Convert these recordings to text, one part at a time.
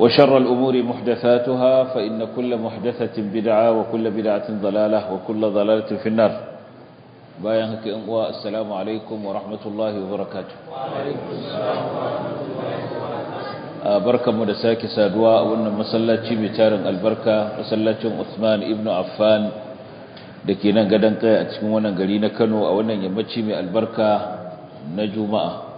وشر الأمور محدثاتها فإن كل محدثة بدعة وكل بدعة ضلالة وكل ضلالة في النار بايهك أمواء السلام عليكم ورحمة الله وبركاته وعليكم السلام ورحمة الله وبركاته بركة مدساك سادواء وأن مسلاتي بتارن البركة مسلاتي عثمان ابن عفان da ke nan gadon kai a cikin wannan gari na kano a wannan yammaci mai albarka na juma'a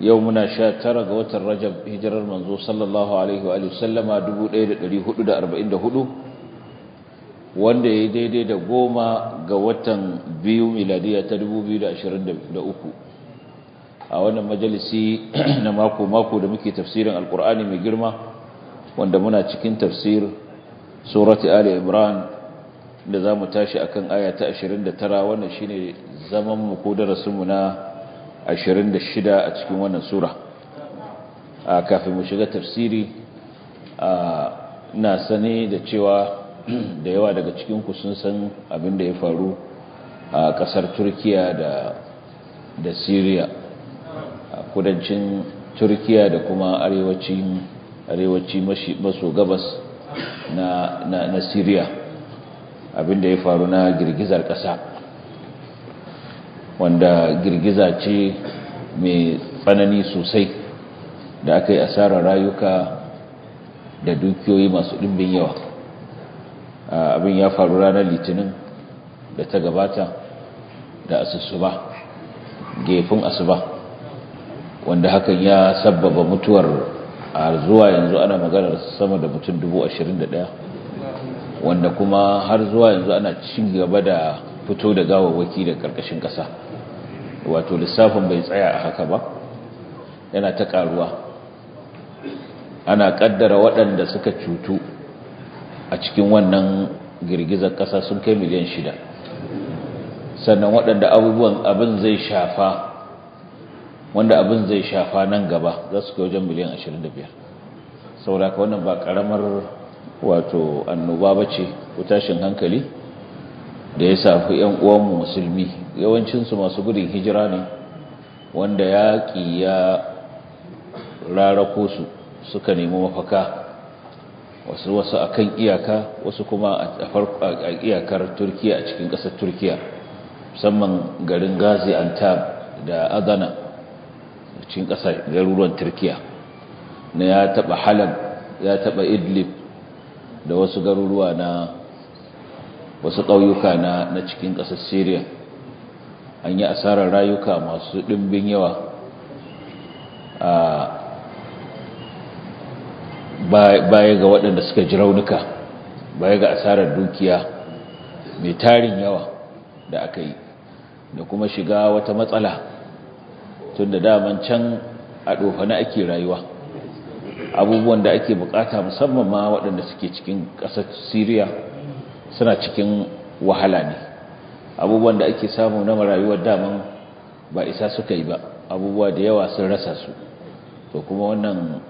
yau muna sha tara ga watan rajab hijirar manzo sallallahu alaihi wa sallama 1444 wanda ya yi daidai da goma ga watan biyu miladiya ta 2023 a wannan majalisi na mako-mako da muke tafsirin alkur'ani mai girma wanda muna cikin tafsir surati ali imran da za mu tashi akan aya ta ashirin 29 wannan shine zaman mu ko darasinmu na shida a cikin wannan sura a kafin mu shiga tafsiri na sani da cewa da yawa daga cikinku sun san abin da ya faru a kasar turkiya da da syria a kudancin turkiya da kuma arewaci maso gabas na na, na syria abin da ya faru na girgizar kasa wanda girgiza ce mai tsanani sosai da aka yi asarar rayuka da dukiyoyi masu ɗimbin yawa abin ya faru ranar litinin da ta gabata da asusuba gefin asuba wanda hakan ya sabbaba mutuwar a zuwa yanzu ana maganar sama da mutum dubu ashirin da ɗaya, wanda kuma har zuwa yanzu ana cin gaba da fito da gawawwaki da ƙarƙashin ƙasa wato lissafin bai tsaya a haka ba yana ta karuwa ana kaddara waɗanda suka cutu a cikin wannan girgizar ƙasa sun kai miliyan shida sannan waɗanda abubuwan abin zai shafa wanda abin zai shafa nan gaba za su kai wajen miliyan 25 saboda ka wannan ba ƙaramar wato annoba ba ce ko tashin hankali da ya safi ‘yan uwanmu musulmi yawancinsu masu gudun hijira ne wanda yaƙi ya rarako su suka nemi mafaka wasu wasu a kan iyaka wasu kuma a iyakar turkiya a cikin ƙasar turkiya musamman garin gazi antab da adana cikin ƙasar garuruwan turkiya na ya taɓa halab ya taɓa idlib da wasu garuruwa na wasu ƙauyuka na cikin ƙasar syria an yi asarar rayuka masu ɗimbin yawa a baya ga waɗanda suka ji raunuka baya ga asarar dukiya mai tarin yawa da aka yi da kuma shiga wata matsala tun da daman can a ɗofana ake rayuwa abubuwan da ake bukata musamman ma waɗanda suke cikin ƙasar siriya suna cikin wahala ne abubuwan da ake samu na marayuwar daman ba isa suka yi ba abubuwa da yawa sun rasa su to kuma wannan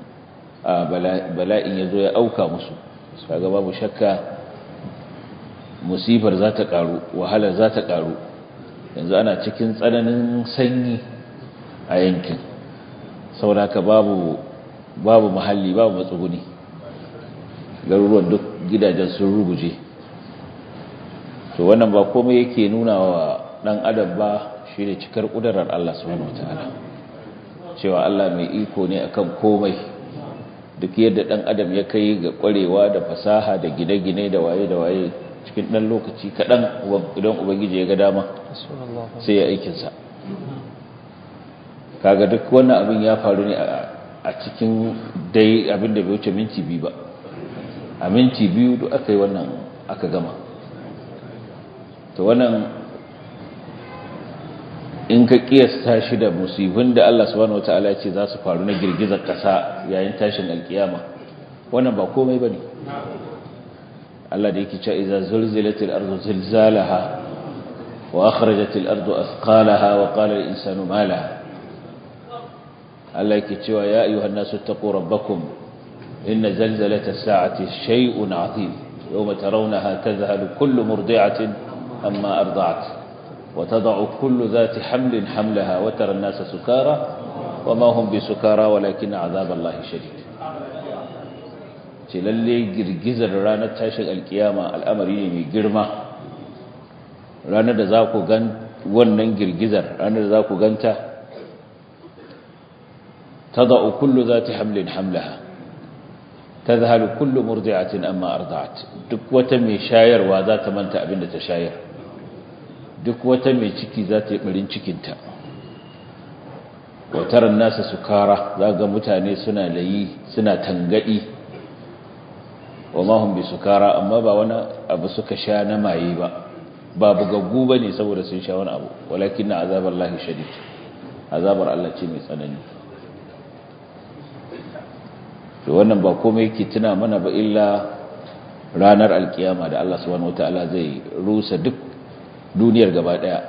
bala'in ya zo ya auka musu ga babu shakka musibar za ta karu wahalar za ta karu yanzu ana cikin tsananin sanyi a yankin sauraka babu babu mahalli babu matsuguni garuruwan duk gidajen sun rubuje to wannan ba komai yake nuna wa dan adam ba shi ne cikar kudarar Allah subhanahu ta'ala cewa Allah mai iko ne akan komai duk yadda dan adam ya kai ga kwarewa da fasaha da gine-gine da waye da waye cikin dan lokaci kadan idan ubangiji ya ga dama sai ya aikin sa kaga duk wannan abin ya faru ne a cikin dai abin da bai wuce minti biyu ba a minti biyu duk aka yi wannan aka gama to wannan in ka kiyasta shi da musibin da Allah subhanahu wataala ya ce za su faru na girgizar kasa yayin tashin alkiyama wannan ba komai bane Allah da yake cewa idza zulzilatil ardu zilzalaha wa akhrajatil ardu athqalaha wa qala al insanu ma laha Allah yake cewa ya ayyuhan nasu taqu rabbakum inna zalzalata as-sa'ati shay'un 'azim yawma tarawnaha tadhhalu kullu murdi'atin أما أرضعت وتضع كل ذات حمل حملها وترى الناس وما هم ولكن عذاب الله شديد ce lalle girgizar girma wannan girgizar ranar da za ku ganta amma duk wata mai shayarwa manta ta shayar duk wata mai ciki za ta yi barin cikinta wataran nasa su za ga mutane suna layi suna tangaɗi wa mahun su kara amma ba wani abu suka sha na maye ba ba bugaggu ba ne saboda sun sha wani abu walakin na azabar lahi shadid azabar Allah ce mai tsanani to wannan ba komai yake tuna mana ba illa ranar alkiyama da Allah subhanahu wataala zai rusa duk duniyar gaba daya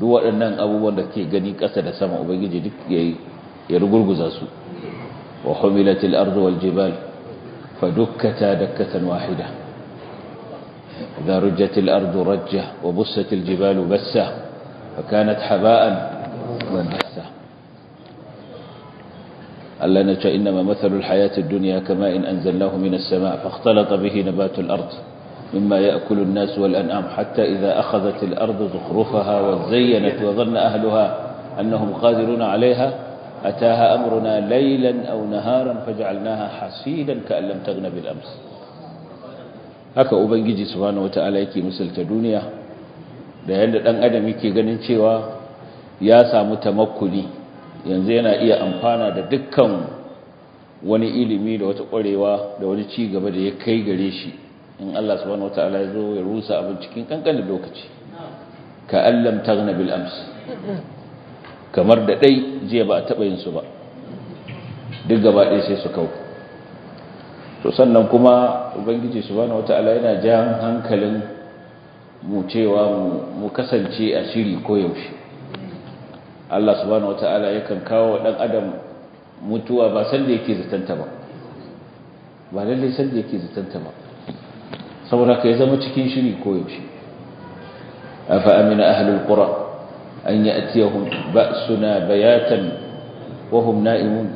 duk waɗannan abubuwan da ke gani ƙasa da sama ubangiji duk yayi ya rugurguza su wa humilatil ardu wal jibal fa dukkata dakkatan wahida idza rujjatil ardu rajja wa bussatil jibalu bassa fa kanat haba'an manhassa Allah na ce inna ma mathalul hayatid dunya kama in anzalnahu minas sama' fa ikhtalaqa bihi nabatul ardh مما يأكل الناس والأنعام حتى إذا أخذت الأرض زخرفها وزينت وظن أهلها أنهم قادرون عليها أتاها أمرنا ليلا أو نهارا فجعلناها حسيدا كأن لم تغن بالأمس haka ubangiji subhanahu wata'ala yake misalta duniya da yadda dan adam yake ganin cewa ya samu tamakkuli yanzu yana iya amfana da dukkan wani ilimi da wata kwarewa da wani ci gaba da ya kai gare shi in Allah subhanahu wataala ya zo ya rusa abin cikin kankanin lokaci ka allam taghna bil ams kamar da ɗai jiya ba a taba yin su ba duk gaba ɗaya sai su kau to sannan kuma ubangiji subhanahu wataala yana jan hankalin mu cewa mu kasance a shiri koyaushe Allah subhanahu wataala yakan kawo ɗan adam mutuwa ba san da yake zatanta ba ba lalle san da yake zatanta ba saboda ka ya zama cikin shiri koyaushe afa amina ahlul qura an ya'tiyahum ba'suna bayatan wa hum na'imun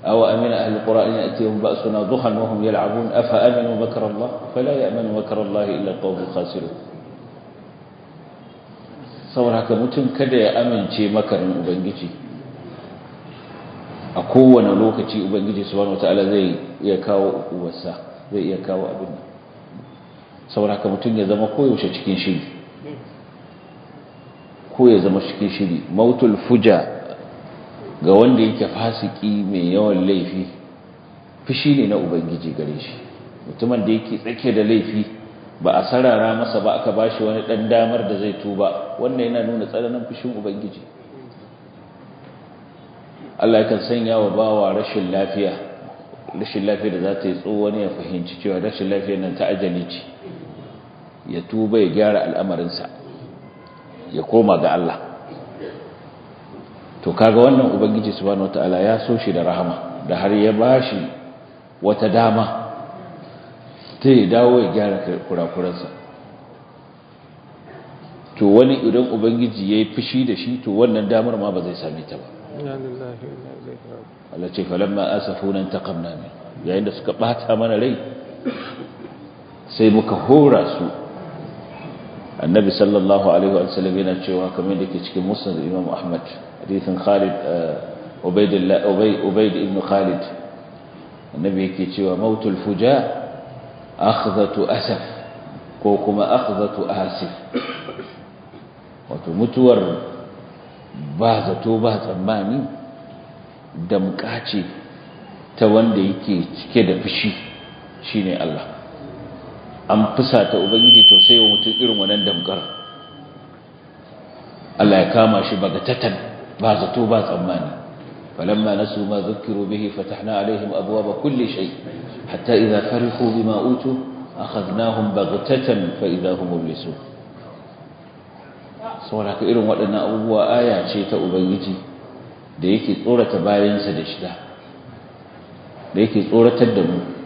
aw amina ahlul qura an ya'tiyahum ba'suna duhan wa hum yal'abun afa aminu makra Allah fala ya'manu makra Allah illa alqawmul khasirun saboda ka mutum kada ya amince makarin ubangiji a kowane lokaci ubangiji subhanahu wataala zai iya kawo uwarsa zai iya kawo abin saboda ka mutum ya zama koyaushe cikin shiri ko ya zama cikin shiri mautul fuja ga wanda yake fasiki mai yawan laifi fushi ne na ubangiji gare shi mutumin da yake tsake da laifi ba a sarara masa ba aka bashi wani dan damar da zai tuba wannan yana nuna tsananin fushin ubangiji Allah yakan sanya wa bawa rashin lafiya rashin lafiya da za ta yi tsohon ya fahimci cewa rashin lafiya nan ta ajali ce ya tuba ya gyara al'amarinsa ya koma ga Allah to kaga wannan ubangiji subhanahu wataala ya so shi da rahama da har ya bashi wata dama ta ya dawo ya gyara kurakuransa to wani idan ubangiji ya yi fushi da shi to wannan damar ma ba zai sami ta ba Allah ce falamma asafuna taqamna min yayin da suka bata mana rai sai muka hora su annabi sallallahu alaihi wa sallam yana cewa kamar da ke cikin musnad imam ahmad hadithin khalid uh, ubaidullah ubaid ibn khalid annabi yake cewa mautul fuja akhdhatu asaf ko kuma akhdhatu asif wato mutuwar ba zato ba tsammani damƙa ce ta wanda yake cike da fushi shine Allah an fusata ubangiji to sai wa mutum irin wannan damgar Allah ya kama shi baga tatan ba zato ba tsammani فلما نسوا ما ذكروا به فتحنا عليهم ابواب كل شيء حتى اذا فرحوا بما اوتوا اخذناهم بغتة فاذا هم مبلسون. صورك إلهم ودنا ابو آية شيتا ابيتي ديكي صورة باين سدشتا ديكي صورة الدمو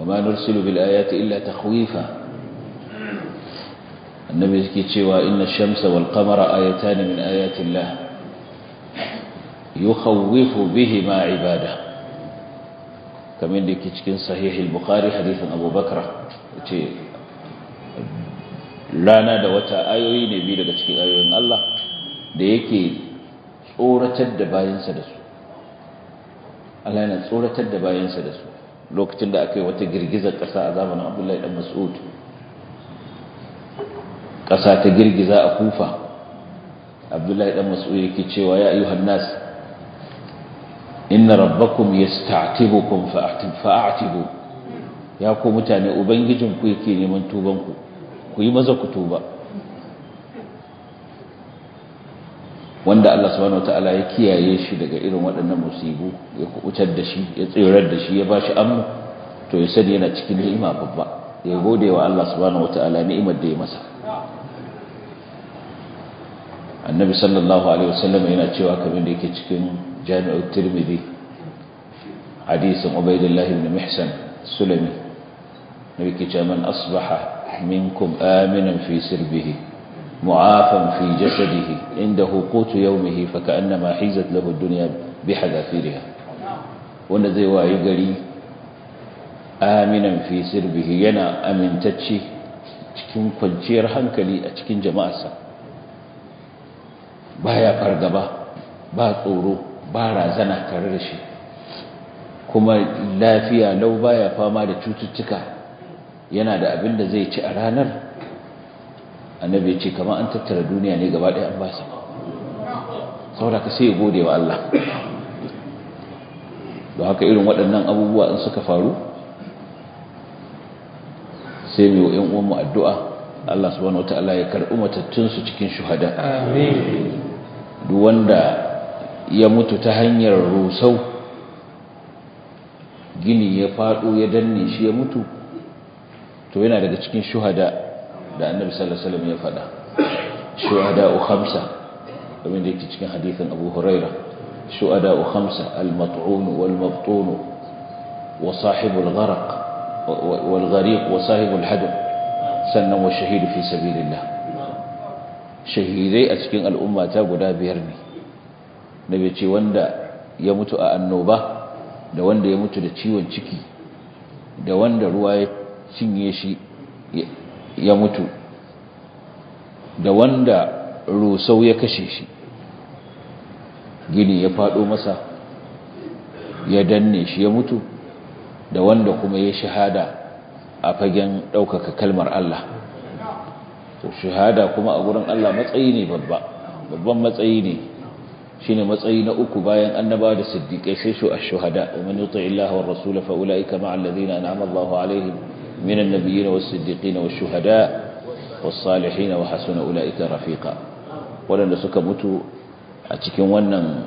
وما نرسل بالآيات إلا تخويفا النبي كتشوى إن الشمس والقمر آيتان من آيات الله يخوف بهما عباده كما يقول صحيح البخاري حديث أبو بكر لا نادى وتا آيوين يبيد كتشكين آيوين الله ديكي صورة الدباين سدسو الله ينا صورة الدباين سدسو lokacin da aka yi wata girgizar ƙasa a zamanin abdullahi ɗan mas'ud ƙasa ta girgiza a kufa abdullahi dan mas'ud yake cewa ya ayyuhan hannas. inna rabbakum yasta'tibukum fa'atibu ya ko mutane ubangijinku yake neman tubanku ku yi maza ku tuba wanda Allah subhanahu wataala ya kiyaye shi daga irin waɗannan musibu ya kubutar da shi ya tsirar da shi ya bashi amma to ya sani yana cikin ni'ima babba ya gode wa Allah subhanahu wataala ni'imar da ya masa annabi sallallahu alaihi wasallam yana cewa kamar da yake cikin jami'ar tirmidhi hadisin ubaidillah ibn mihsan sulami nabi ke cewa man asbaha minkum aminan fi sirbihi معافا في جسده عنده قوت يومه فكأنما حيزت له الدنيا بحذافيرها wanda zai wayi gari aminan fisir-bihi yana amintacce cikin kwanciyar hankali a cikin jama'arsa baya fargaba ba tsoro ba razana tare da shi kuma lafiya lau baya fama da cututtuka yana da abin da zai ci a ranar annabi ce kamar an tattara duniya ne gaba ɗaya an ba su. saboda ka sai ya gode wa Allah don haka irin waɗannan abubuwa in suka faru sai mai wa 'yan addu'a Allah subhanahu wata'ala ya karɓi matattunsu cikin shuhada duk wanda ya mutu ta hanyar rusau gini ya faɗo ya danne shi ya mutu to yana daga cikin shuhada da annabi sallallahu alaihi wasallam ya faɗa shuhada'u khamsa kamar da yake cikin hadisin Abu Huraira shuhada'u khamsa al-mat'un wal-mabtun wa sahibul gharq wal ghariq wa al hadab sannan wa shahidu fi sabilillah shahidai a cikin al'umma ta guda biyar ne nabi ce wanda ya mutu a annoba da wanda ya mutu da ciwon ciki da wanda ruwa ya cinye shi ya mutu da wanda rusau ya kashe shi gini ya fado masa ya danne shi ya mutu da wanda kuma ya shahada a fagen ɗaukaka kalmar Allah shahada kuma a gurin Allah matsayi ne babba babban matsayi ne shine matsayi na uku bayan annaba da siddiqai sai shu a shuhada wa man yuti Allah wa rasul fa ulaika ma'a na an'ama alaihim من النبيين والصديقين والشهداء والصالحين وحسن أولئك رفيقا ولن سكمتوا أتكن ونن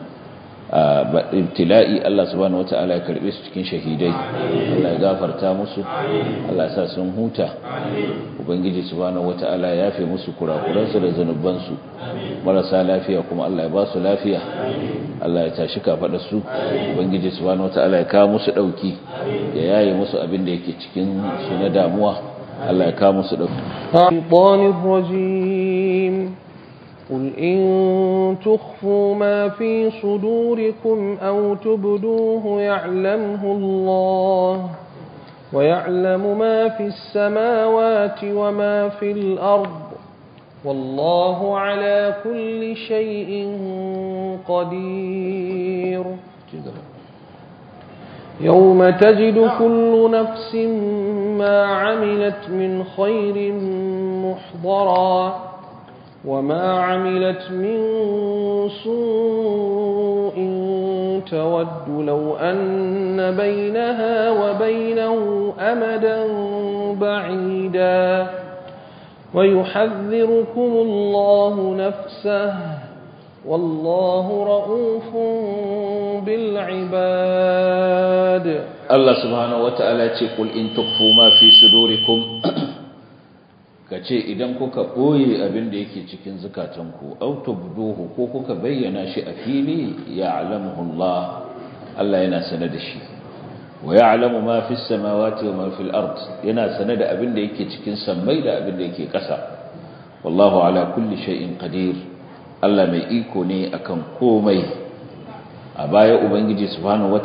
ibtila'i Allah subhanahu wata'ala ya karbe su cikin shahidai Allah ya gafarta musu Allah ya sun huta ubangiji subhanahu wata'ala ya yafe musu kurakuransu da zunubansu marasa lafiya kuma Allah ya basu lafiya Allah ya tashi kafadar su ubangiji subhanahu wataala ya kawo musu dauki ya yaye musu abin da yake cikin su na damuwa Allah ya kawo musu dauki shaytanir rajim قل إن تخفوا ما في صدوركم أو تبدوه يعلمه الله ويعلم ما في السماوات وما في الأرض والله على كل شيء قدير يوم تجد كل نفس ما عملت من خير محضرا وما عملت من سوء تود لو أن بينها وبينه أمدا بعيدا ويحذركم الله نفسه والله رؤوف بالعباد الله سبحانه وتعالى قل إن تخفوا ما في صدوركم kace idan kuka boye abin da yake cikin zakatanku au tubduhu ko kuka bayyana shi a fili ya alamuhu Allah Allah yana sanar da shi wa ya'lamu ma fi samawati wa ma ard yana sane da abin da yake cikin sammai da abin da yake ƙasa wallahu ala kulli shay'in qadir Allah mai iko ne kan komai a baya ubangiji subhanahu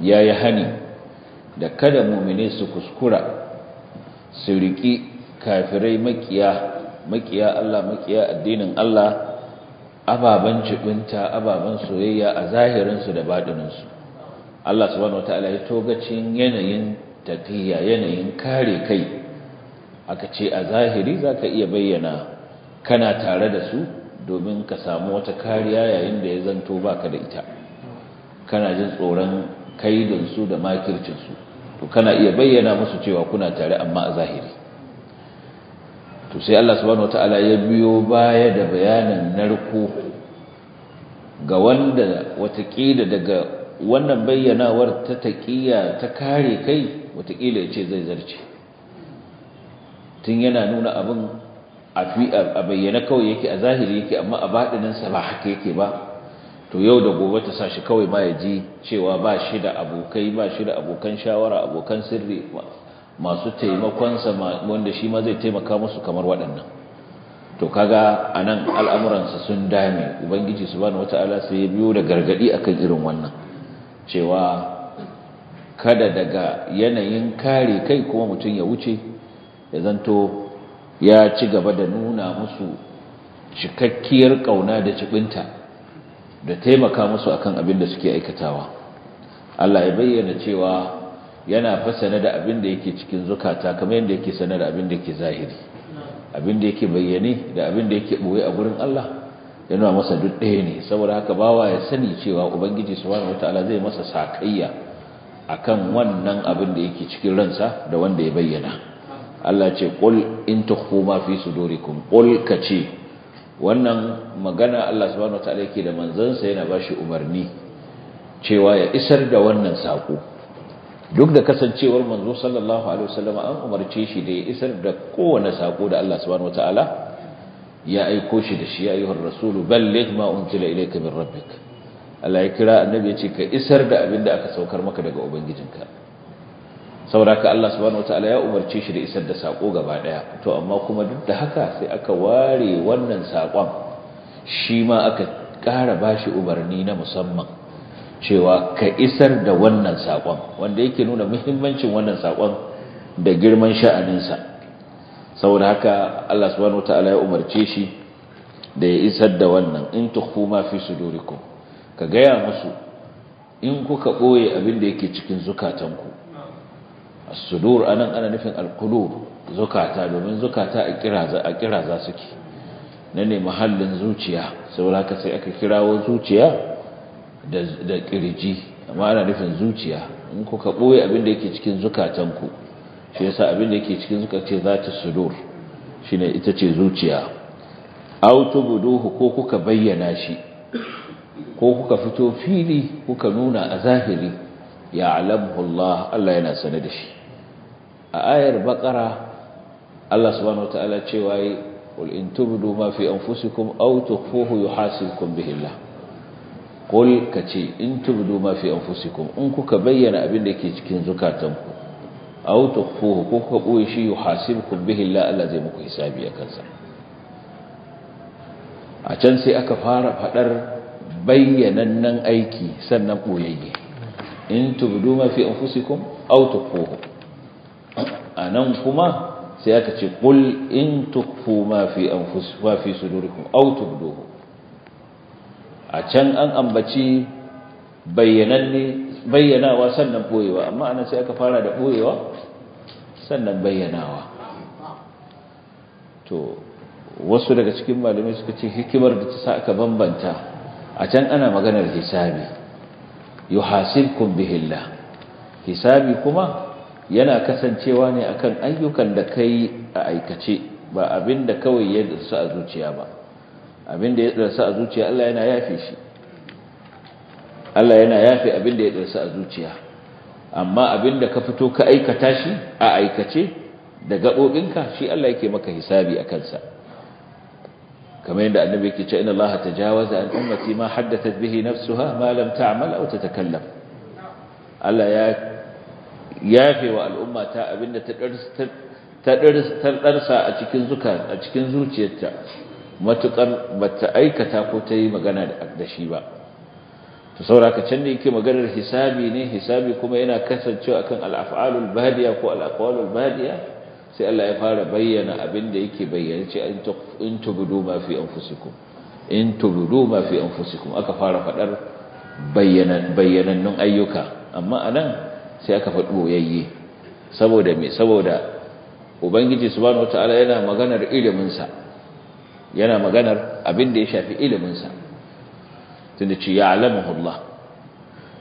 ya yi hani da kada mu'mine su kuskura su riki kafirai makiya makiya Allah makiya addinin Allah Ababen jibinta ababen soyayya a zahirinsu da baɗininsu Allah subhanahu wataala ya togacin yanayin taqiya yanayin kare kai aka ce a zahiri zaka iya bayyana kana tare da su domin ka samu wata kariya yayin da ya zanto ba ka da ita kana jin tsoron kaidansu su da makircin su to kana iya bayyana musu cewa kuna tare amma a zahiri to sai Allah subhanahu wataala ya biyo baya da bayanan narko ga wanda wata kida daga wannan bayyanawar ta taƙiya ta kare kai wataƙila ya ce zai zarce tun yana nuna abin a bayyana kawai yake a zahiri yake amma a baɗininsa ba haka yake ba to yau da gobe ta sa shi kawai ma ya ji cewa ba shi da abokai ba shi da abokan shawara abokan sirri masu taimakonsa wanda shi ma zai taimaka musu kamar waɗannan to kaga anan al'amuransa sun dame ubangiji su subhanahu wataala sai ya biyo da gargadi akan irin wannan cewa kada daga yanayin kare kai kuma mutum ya wuce ya zanto ya ci gaba da nuna musu cikakkiyar kauna da cibinta da taimaka musu akan abin da suke aikatawa Allah ya bayyana cewa yana fasana da abin da yake cikin zukata kamar yadda yake sanar da abin da yake zahiri abin da yake bayyane da abin da yake boye a gurin Allah ya nuna masa duk ɗaya ne saboda haka bawa ya sani cewa ubangiji subhanahu wataala zai masa sakayya akan wannan abin da yake cikin ransa da wanda ya bayyana Allah ce qul in tukhfu ma fi sudurikum qul kace wannan magana Allah subhanahu wataala yake da manzansa yana bashi umarni cewa ya isar da wannan sako duk da kasancewar manzo sallallahu alaihi wasallam an umarce shi da ya isar da kowane sako da Allah subhanahu wataala ya aiko shi da shi ya yi rasulu balligh ma unzila ilayka min rabbik Allah ya kira annabi ya ce ka isar da abin da aka saukar maka daga ubangijinka ka Allah subhanahu wataala ya umarce shi da isar da sako gaba daya to amma kuma duk da haka sai aka ware wannan sakon shi ma aka ƙara bashi umarni na musamman cewa ka isar da wannan sakon wanda yake nuna muhimmancin wannan sakon da girman sha'aninsa saboda haka Allah subhanahu wataala ya umarce shi da ya isar da wannan in tukhu ma fi sudurikum ka gaya musu in kuka boye abin da yake cikin zukatanku as-sudur anan ana nufin al-qulub zukata domin zukata a kiraza a za suke na ne mahallin zuciya saboda haka sai aka kirawo zuciya da da kirji amma ana nufin zuciya in kuka boye abin da yake cikin zukatanku shi yasa abin da yake cikin suka ce ta sudur shine ita ce zuciya auto gudu ko kuka bayyana shi ko kuka fito fili kuka nuna a zahiri ya Allah Allah yana sane da shi a ayar bakara Allah subhanahu wataala cewa qul in tubdu ma fi anfusikum aw tukhfuhu yuhasibkum bihi Allah qul kace in tubdu ma fi anfusikum in kuka bayyana abin da yake cikin zukatanku aw tukhfuhu ko ka boye shi yuhasibukum bihi la Allah zai muku hisabi a kansa a can sai aka fara fadar bayyanannan aiki sannan boyayye in tubdu ma fi anfusikum aw tukhfuhu anan kuma sai aka ce qul in tukfu ma fi anfusikum wa fi sudurikum aw tubduhu a can an ambaci bayyananne bayyanawa sannan boyewa amma ana sai aka fara da boyewa sannan bayyanawa to wasu daga cikin malamai suka ce hikimar da ta sa aka bambanta a can ana maganar hisabi yuhasibkum bihillah hisabi kuma yana kasancewa ne akan ayyukan da kai a aikace ba abin da kawai ya su a zuciya ba abin da ya dasa a zuciya Allah yana yafe shi Allah yana yafe abin da ya ɗarsa a zuciya amma abin da ka fito ka aikata shi a aikace da gaɓoɓinka shi Allah yake maka hisabi a kansa kamar yadda annabi yake cewa inna Allah tajawaza an ummati ma haddathat bihi nafsuha ma lam ta'mal aw tatakallam Allah ya yafe wa al'umma ta abinda ta ɗarsa a cikin zuka a cikin zuciyarta matukar bata aikata ko ta yi magana da shi ba to sauraka can da yake maganar hisabi ne hisabi kuma yana kasancewa akan al badiya ko al badiya sai Allah ya fara bayyana abin da yake bayyana ce in tubudu ma fi anfusikum in tubudu ma fi anfusikum aka fara fadar bayyanannun ayyuka amma anan sai aka faɗi boyayye saboda me saboda ubangiji subhanahu wataala yana maganar ilimin sa yana maganar abin da ya shafi ilimin sa tunda ce ya alamahu Allah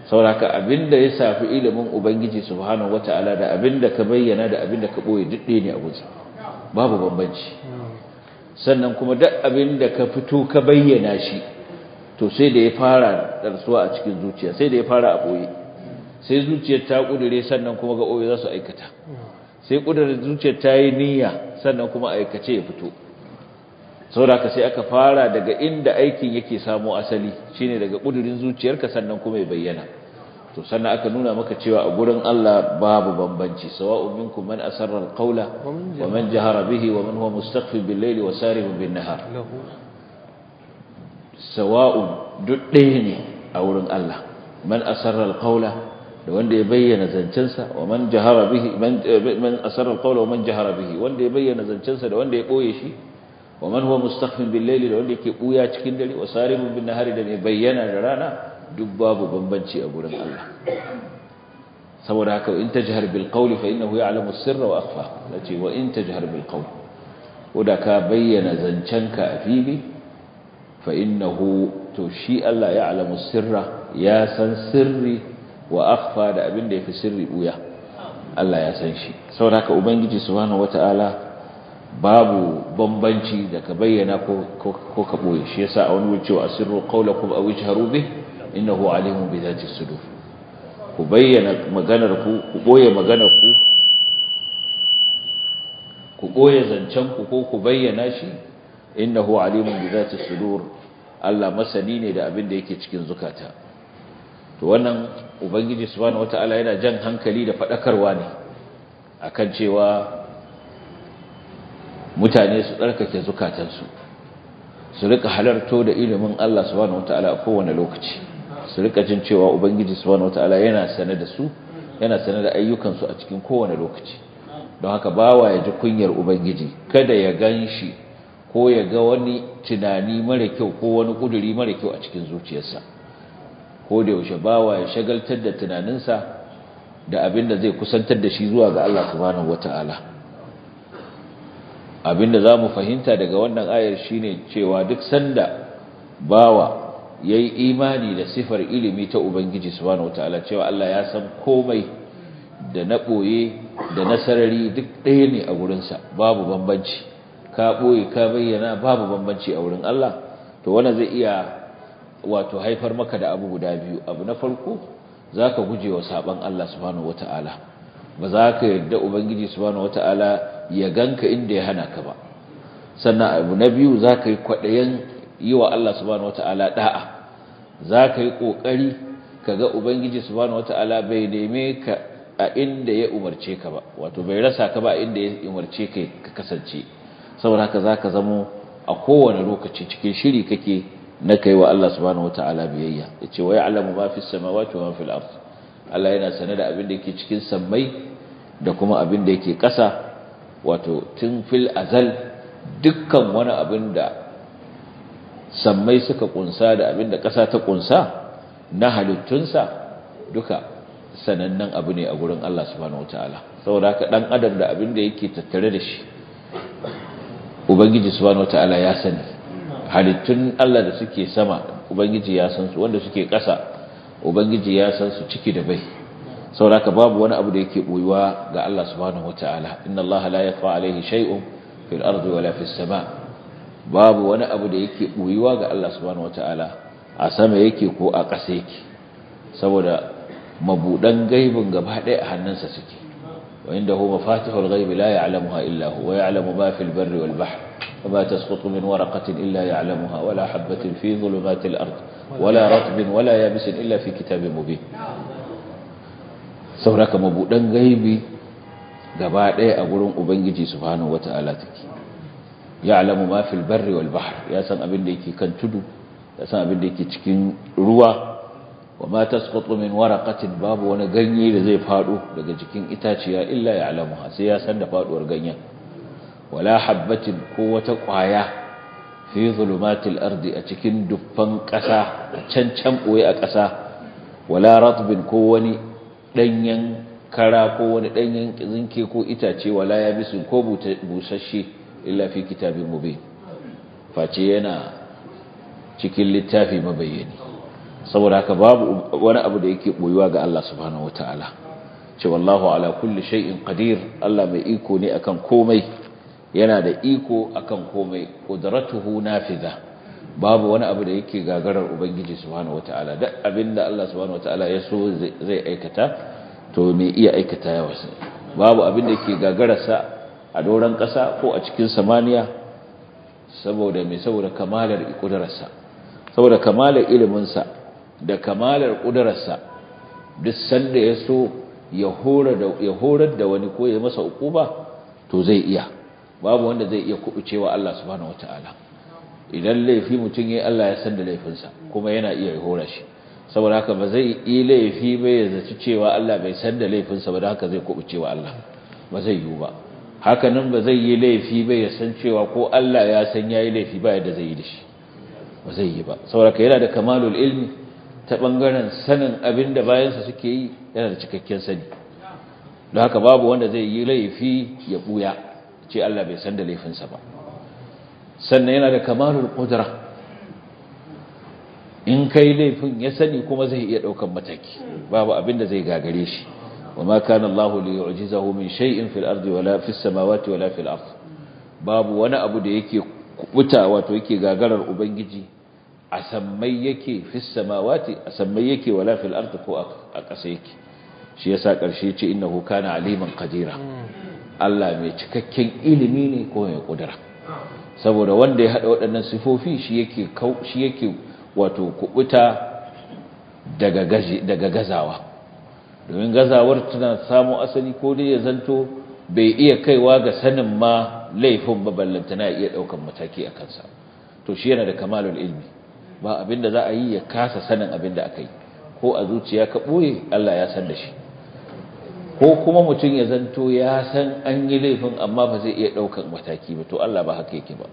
sauraka abinda ya safi ilimin ubangiji subhanahu wataala da abinda ka bayyana da abinda ka boye duk ne a guji babu bambanci sannan kuma duk abinda ka fito ka bayyana shi to sai da ya fara darsuwa a cikin zuciya sai da ya fara a boye sai zuciyar ta kudure sannan kuma ga oye za su aikata sai kudurar zuciyar ta yi niyya sannan kuma aikace ya fito saboda ka sai aka fara daga inda aikin yake samo asali shine daga kudurin zuciyarka sannan kuma ya bayyana to sannan aka nuna maka cewa a gurin Allah babu bambanci sawa'u minkum man asarra alqawla wa man jahara bihi wa man huwa mustakhfi bil-layli wa sarihun bin-nahar sawa'u duk ɗaya ne a wurin Allah man asarra alqawla da wanda ya bayyana zancensa wa man jahara bihi man eh, asarra alqawla wa man jahara bihi wanda ya bayyana zancensa da wanda ya boye shi wa man huwa mustakhfin bil layli da wanda yake buya cikin dare wa saribun bin nahari da mai bayyana da rana duk babu bambanci a gurin Allah saboda haka in tajhar bil qawli fa innahu ya'lamu as-sirra wa akhfa lati wa in tajhar bil qawli koda ka bayyana zancenka a fili fa innahu to shi Allah ya'lamu as-sirra ya san sirri wa akhfa da abin da yafi sirri buya Allah ya san shi saboda haka ubangiji subhanahu wataala babu bambanci da ka bayyana ko ka ɓoye. shi ya sa a wani wucewa, a wuce wa a wuce haru bi bih ku alimun bi su dufu ku bayyana maganar ku ku ɓoye maganar ku ku ɓoye zancen ku ko ku bayyana shi ku alimun bi su sudur Allah masani ne da abin da yake cikin zukata to wannan ubangiji subhanahu wataala yana jan hankali da fadakarwa ne akan cewa mutane su tsarkake zukatansu su rika halarto da ilimin Allah subhanahu wataala a kowane lokaci su rika jin cewa ubangiji subhanahu wataala yana sane da su yana sane da ayyukansu a cikin kowane lokaci don haka bawa ya ji kunyar ubangiji kada ya gan shi ko ya ga wani tunani mara kyau ko wani kuduri mara kyau a cikin zuciyarsa ko da yaushe bawa ya shagaltar da tunaninsa da abin da zai kusantar da shi zuwa ga Allah subhanahu wataala abinda za mu fahimta daga wannan ayar ne cewa duk sanda bawa ya yi imani da sifar ilimi ta ubangiji subhanahu ta'ala cewa Allah ya san komai da na ɓoye da na sarari duk ɗaya ne a wurinsa, babu bambanci ka ɓoye ka bayyana babu bambanci a wurin Allah to wannan zai iya wato haifar maka da abu guda biyu abu na farko zaka guje wa sabon Allah subhanahu ta'ala ba za ka yarda ubangiji subhanahu wataala ya ganka inda ya hana ka ba sannan abu na biyu za ka yi kwaɗayen yi wa Allah subhanahu wataala da'a za ka yi ƙoƙari ka ga ubangiji subhanahu wataala bai neme ka a inda ya umarce ka ba wato bai rasa ka ba a inda ya umarce ka ka kasance saboda haka za ka zamo a kowane lokaci cikin shiri kake na kai wa Allah subhanahu wataala biyayya yace wa ya'lamu ma fis samawati wa ma fil ardh Allah yana sane da abin da yake cikin sammai da kuma abin da yake ƙasa wato tun fil azal dukkan wani abin da sammai suka kunsa da abin da ƙasa ta kunsa na halittunsa duka sanannen abu ne a gurin Allah subhanahu wataala saboda haka dan adam da abin da yake tattare da shi ubangiji subhanahu wataala ya sani halittun Allah da suke sama ubangiji ya san su wanda suke ƙasa ubangiji ya san su ciki da bai sauraka babu wani abu da yake boyuwa ga Allah subhanahu wataala inna Allah la yakhfa alayhi shay'un fil ardi wala fis babu wani abu da yake boyuwa ga Allah subhanahu wataala a sama yake ko a ƙasa yake saboda mabudan gaibin gaba ɗaya a hannunsa suke wa inda hu mafatihul ghaibi la ya'lamuha illa hu wa ya'lamu ma fil barri wal bahr وما تسقط من ورقة إلا يعلمها ولا حبة في ظلمات الأرض ولا رطب ولا يابس إلا في كتاب مبين sauraka mabuɗan gaibi gaba ɗaya a gurin ubangiji subhanahu wata'ala take ya'lamu ma fil barri wal bahr ya san abin da yake kan tudu ya san abin da yake cikin ruwa wa ma tasqutu min waraqatin babu wani ganye da zai faɗo daga jikin itaciya illa ya ya'lamuha sai ya san da faduwar ganyen wala habbatin ko wata ƙwaya fi zulumatil ardi a cikin dufan ƙasa a can ɓoye a ƙasa wala ratbin ko wani ɗanyen kara ko wani ɗanyen zinke ko itace wala ya yabisin ko busasshe illa fi kitabin mubin face yana cikin littafi mabayyani saboda haka babu wani abu da yake boyuwa ga Allah subhanahu wataala ce wallahu ala kulli shay'in qadir Allah mai iko ne akan komai yana da iko akan komai kudratuhu nafiza babu wani abu da yake gagarar ubangiji subhanahu wataala duk abinda Allah subhanahu wataala ya so zai aikata to me iya aikata ya wasu babu abinda yake yake gagararsa a doran ƙasa ko a cikin samaniya saboda me saboda kamalar kudararsa saboda kamalar ilimin sa da kamalar kudararsa duk sanda ya so ya horar da wani ko ya masa hukuma to zai iya babu wanda zai iya kubucewa Allah subhanahu wataala idan laifi mutum yayi Allah ya san da laifinsa kuma yana iya hora shi saboda haka ba zai yi laifi ba ya zaci cewa Allah bai san da laifinsa ba da haka zai kubuce kubucewa Allah ba zai yi ba haka nan ba zai yi laifi ba ya san cewa ko Allah ya san yayi laifi ba yadda zai yi da shi ba zai yi ba saboda haka yana da kamalul ilmi ta bangaren sanin abin da bayansa suke yi yana da cikakken sani don haka babu wanda zai yi laifi ya buya Shi Allah bai san da laifinsa ba sannan yana da kamalul qudra in kai laifin ya sani kuma zai iya ɗaukan mataki babu abin da zai gagare shi wama kana Allahu li yu'jizahu min shay'in fil ardi wala fis samawati wala fil ard babu wani abu da yake kubuta wato yake gagarar ubangiji a sammai yake fis samawati a sammai yake wala fil ard ko a ƙasa yake shi yasa ƙarshe ce innahu kana aliman qadira hmm. Allah mai cikakken ilimi ne ko mai kudura saboda wanda ya haɗa waɗannan sifofi shi yake wato kubuta daga gazawa domin gazawar tana samu asali ko dai ya zanto bai iya kaiwa ga sanin ma laifin baballanta na iya daukan mataki a kansa to shi yana da kamalul ilmi ba abinda za a yi ya kasa sanin abinda aka yi ko a zuciya ka ɓoye, Allah ya san da shi ko kuma mutum ya zanto ya san an yi laifin amma ba zai iya ɗaukan mataki ba to Allah ba haka yake ba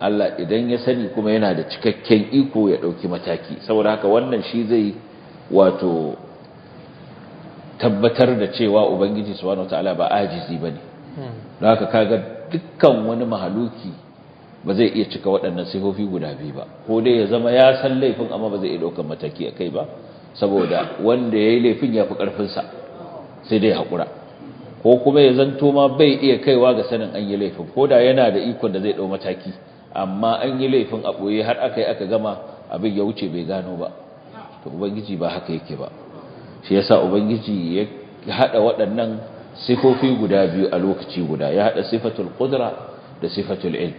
Allah idan ya sani kuma yana da cikakken iko ya ɗauki mataki saboda haka wannan shi zai wato tabbatar da cewa ubangiji subhanahu wataala ba ajizi bane don haka kaga dukkan wani mahaluki ba zai iya cika waɗannan sifofi guda biyu ba ko dai ya zama ya san laifin amma ba zai iya daukan mataki a kai ba saboda wanda ya yi laifin ya fi ƙarfinsa sai dai hakura ko kuma ya zanto ma bai iya kaiwa ga sanin an yi laifin ko da yana da ikon da zai ɗau mataki amma an yi laifin a ɓoye har aka yi aka gama abin ya wuce bai gano ba to ubangiji ba haka yake ba shi yasa ubangiji ya haɗa waɗannan sifofi guda biyu a lokaci guda ya haɗa sifatul qudra da sifatul ilm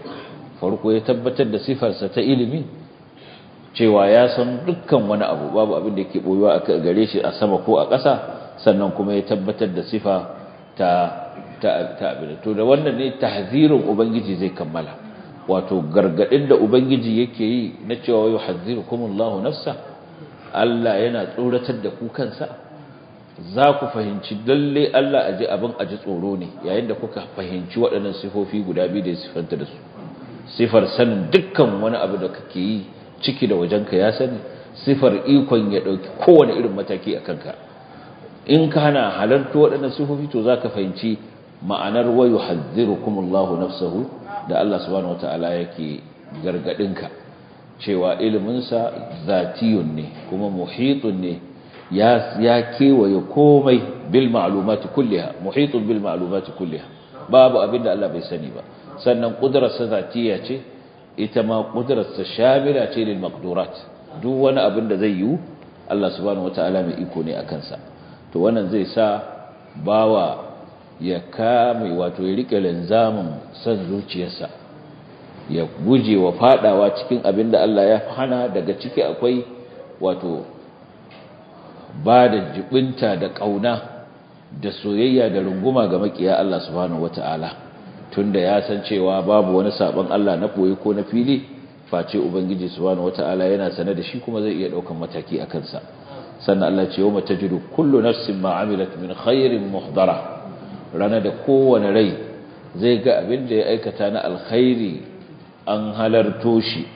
farko ya tabbatar da sifarsa ta ilimi cewa ya san dukkan wani abu babu abin da yake ɓoyuwa a gare shi a sama ko a ƙasa sannan kuma ya tabbatar da sifa ta ta to da wannan ne tahzirin ubangiji zai kammala wato gargadin da ubangiji yake yi na cewa Allahu nafsa Allah yana tsoratar da ku kansa za ku fahimci lalle Allah aje abin aje tsoro ne yayin da kuka fahimci waɗannan sifofi guda biyu da ya sifanta da su sifar sanin dukkan wani abu da kake yi ciki da wajenka ya sani sifar ikon ya ɗauki kowane irin mataki a kanka in kana halarta waɗannan sifofi to ka fahimci ma'anar wa yuhadhdhirukumullahu nafsahu da Allah subhanahu wataala yake gargadinka cewa iliminsa zatiyun ne kuma muhitun ne ya kewaye komai bil ma'lumati kulliha muhitun bil ma'lumati kulliha babu abinda Allah bai sani ba sannan ƙudurarsa zatiya ce ita ma ƙudurarsa shamila ce lil maqdurat duk wani abin da zai yiwu, Allah subhanahu wataala mai iko ne a kansa. to wannan zai sa bawa ya kame wato ya rike linzamin san zuciyarsa ya guje wa fadawa cikin abin da Allah ya hana daga ciki akwai wato ba da jibinta da kauna da soyayya da runguma ga makiya Allah subhanahu wataala tunda ya san cewa babu wani sabon Allah na boye ko na fili face ubangiji subhanahu wataala yana sane da shi kuma zai iya daukan mataki a kansa sannan Allah ce yawma tajidu kullu nafsin ma min khairin muhdara rana da kowane rai zai ga abin da ya aikata na alkhairi an halarto shi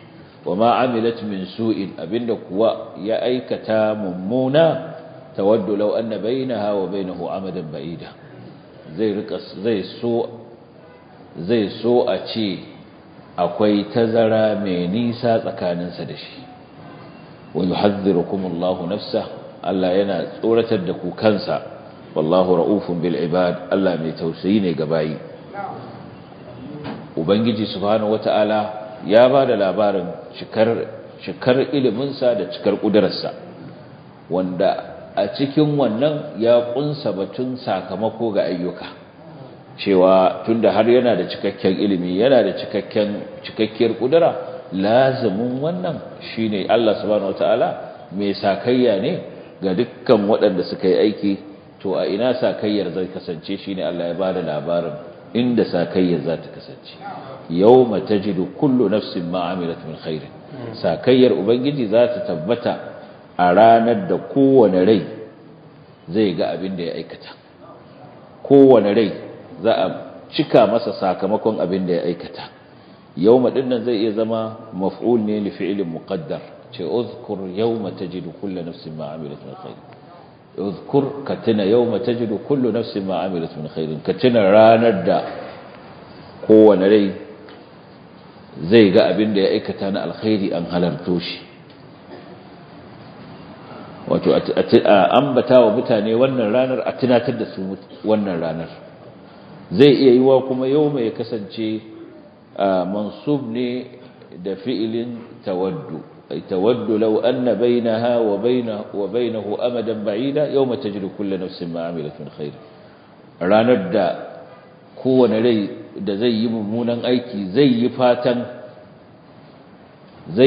wa ma min su'in abinda kuwa ya aikata mummuna tawaddu law anna bainaha wa bainahu amadan ba'ida zai rika zai so zai so a ce akwai tazara mai nisa tsakaninsa da shi wa yuhadhdhirukum Allahu nafsa Allah yana tsoratar da ku kansa wallahu raufun bil ibad Allah mai tausayi ne ga bayi ubangiji subhanahu wataala ya ba da labarin cikar cikar iliminsa da cikar ƙudurarsa wanda a cikin wannan ya ƙunsa batun sakamako ga ayyuka cewa tunda har yana da cikakken ilimi yana da cikakken cikakkiyar ƙudara? lazimin wannan shi ne Allah subhanahu wataala mai sakayya ne ga dukkan waɗanda suka yi aiki to a ina sakayyar zai kasance shi ne Allah ya ba da labarin inda sakayyar za ta kasance mata jidu kullu nafsin ma amilat min khairin sakayyar ubangiji za ta tabbata a ranar da kowane rai zai ga abin da ya aikata kowane rai za a cika masa sakamakon abin da ya aikata yawma din zai iya zama maf'ul ne li fi'lin mukaddar, ce uzkur yawma tajidu kullu nafsin ma amilat min khair uzkur ka tuna yawma tajidu kullu nafsin ma amilat min khair ka tuna ranar da kowane rai zai ga abinda ya aikata na alkhairi an halarto shi wato a ambata wa mutane wannan ranar a tunatar da su wannan ranar zai iya yiwa kuma yau mai kasance mansub ne da fi'ilin tawaddu ay tawaddu law anna bainaha wa bainahu wa bainahu amadan ba'ida yawma tajidu kullu nafsin ma amilat min khair ranar da kowane rai da zai yi mummunan aiki zai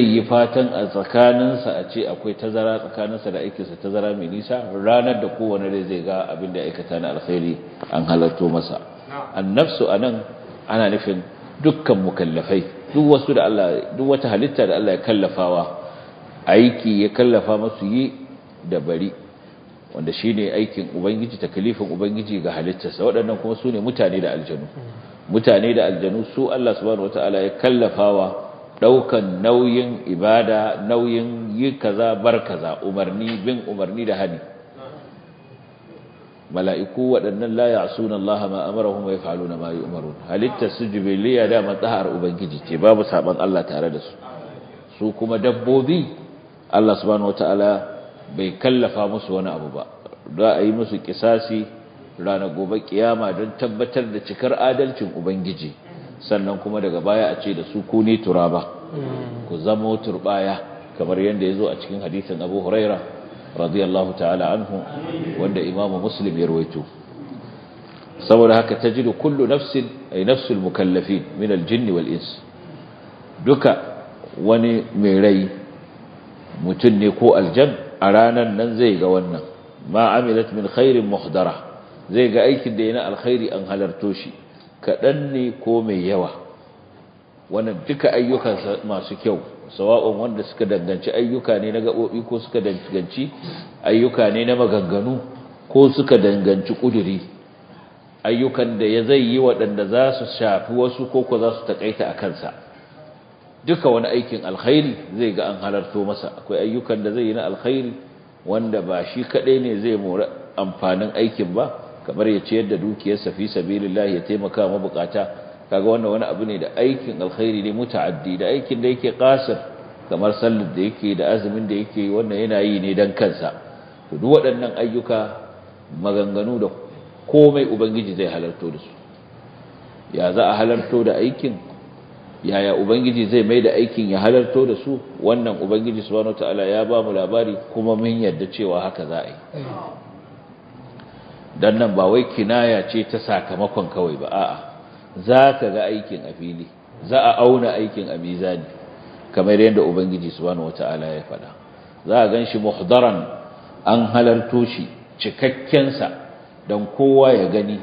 yi fatan a tsakaninsa a ce akwai tazara tsakaninsa da aikinsa tazara mai nisa ranar da kowane rai zai ga abin da aikata na alkhairi an halarto masa a nan ana nufin dukkan mukallafai duk wasu da Allah duk wata halitta da Allah ya kallafawa aiki ya kallafa masu yi da bari wanda shine aikin ubangiji takalifin ubangiji ga halittarsa waɗannan kuma su ne mutane da aljanu mutane da aljanu su Allah subhanahu wataala ya kallafawa ɗaukan nauyin ibada nauyin yi kaza bar kaza umarni bin umarni da hani mala'iku waɗannan la ya'suna Allah ma amarahum wa yaf'aluna ma yu'marun halitta su jibiliya da matsahar ubangiji ce babu saban Allah tare da su su kuma dabbobi Allah subhanahu wataala bai kallafa musu wani abu ba za a yi musu kisasi ranar gobe kiyama don tabbatar da cikar adalcin ubangiji sannan kuma daga baya a ce da su ku ne turaba ku zamo turbaya kamar yadda ya zo a cikin hadisin Abu Huraira. radiyallahu ta'ala anhu wanda imamu muslim ya rawaito saboda haka tajidu kullu nafsin ay nafsul mukallafin min aljinn wal ins duka wani mai rai mutum ne ko aljan a ranan nan zai ga wannan ma amilat min khairin muhdara zai ga aikin da yana alkhairi an halarto shi kaɗan ne ko mai yawa wannan duka ayyukansa masu kyau sawa'un wanda suka danganci ayyuka ne na gaɓoɓi ko suka danganci ayyuka ne na maganganu ko suka danganci ƙuduri ayyukan da ya zai yi waɗanda za su shafi wasu ko ko za su taƙaita a kansa duka wani aikin alkhairi zai ga an halarto masa akwai ayyukan da zai yi na alkhairi wanda ba shi kaɗai ne zai mora amfanin aikin ba kamar ya ciyar da dukiyarsa fi sabilillah ya taimaka mabukata kaga wannan wani abu ne da aikin alkhairi ne muta'addi da aikin da yake qasir kamar sallar da yake da azumin da yake wannan yana yi ne dan kansa to duk waɗannan ayyuka maganganu da komai ubangiji zai halarto da su ya za a halarto da aikin yaya ubangiji zai mai da aikin ya halarto da su wannan ubangiji subhanahu wataala ya ba mu labari kuma mun yarda cewa haka za a yi dan nan ba wai kinaya ce ta sakamakon kawai ba a'a za ka ga aikin a fili za a auna aikin a mizani kamar yadda ubangiji subhanahu wata'ala ya faɗa za a ganshi shi muhdaran an halarto shi sa don kowa ya gani